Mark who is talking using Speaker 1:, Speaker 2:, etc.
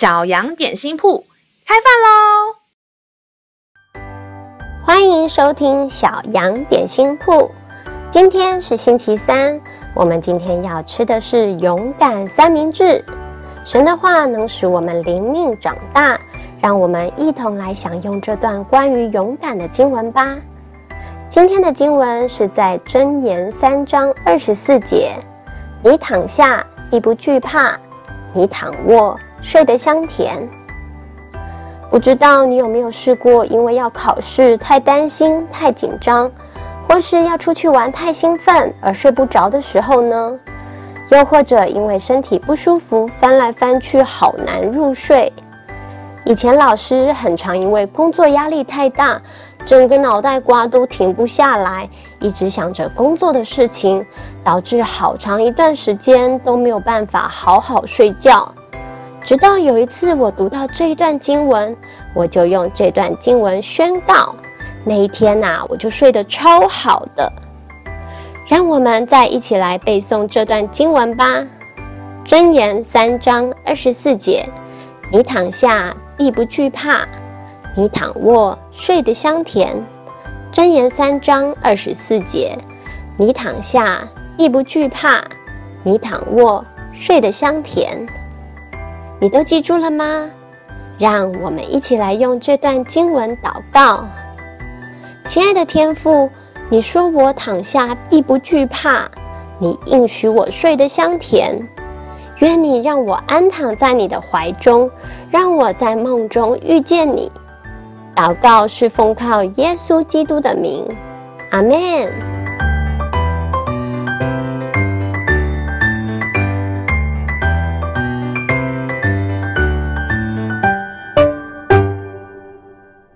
Speaker 1: 小羊點心鋪開飯嘍！歡迎收聽小羊點心鋪。今天是星期三，我們今天要吃的是勇敢三明治。神的話能使我們靈命長大，讓我們一同來享用這段關於勇敢的經文吧。今天的經文是在箴言三章二十四節：“你躺下必不懼怕，你躺臥。”睡得香甜。不知道你有沒有試過，因為要考試太擔心、太緊張，或是要出去玩太興奮而睡不着的時候呢？又或者因為身體不舒服，翻來翻去好難入睡。以前老師很常因為工作壓力太大，整個腦袋瓜都停不下來，一直想着工作的事情，導致好長一段時間都沒有辦法好好睡覺。直到有一次我讀到這一段經文，我就用這段經文宣告。那一天吶、啊，我就睡得超好的。讓我們再一起來背誦這段經文吧，真《箴言三章二十四節》，你躺下亦不懼怕，你躺臥睡得香甜，《箴言三章二十四節》，你躺下亦不懼怕，你躺臥睡得香甜。你都記住了嗎？讓我們一起來用這段經文禱告。親愛的天父，你說我躺下必不懼怕，你應許我睡得香甜。願你讓我安躺在你的懷中，讓我在夢中遇見你。禱告是奉靠耶穌基督的名。阿門。